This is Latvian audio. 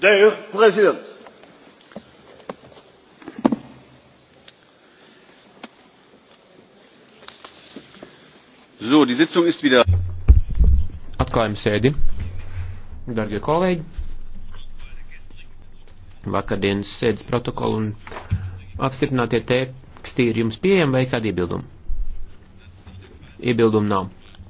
Dear President, So, die Sitzung ist wieder. Atklājam sēdi. Dargie kolēģi, vakardienas sēdes protokolu un apstiprinātie teksti ir jums pieejami vai kādi iebildumi? Iebildumi nav.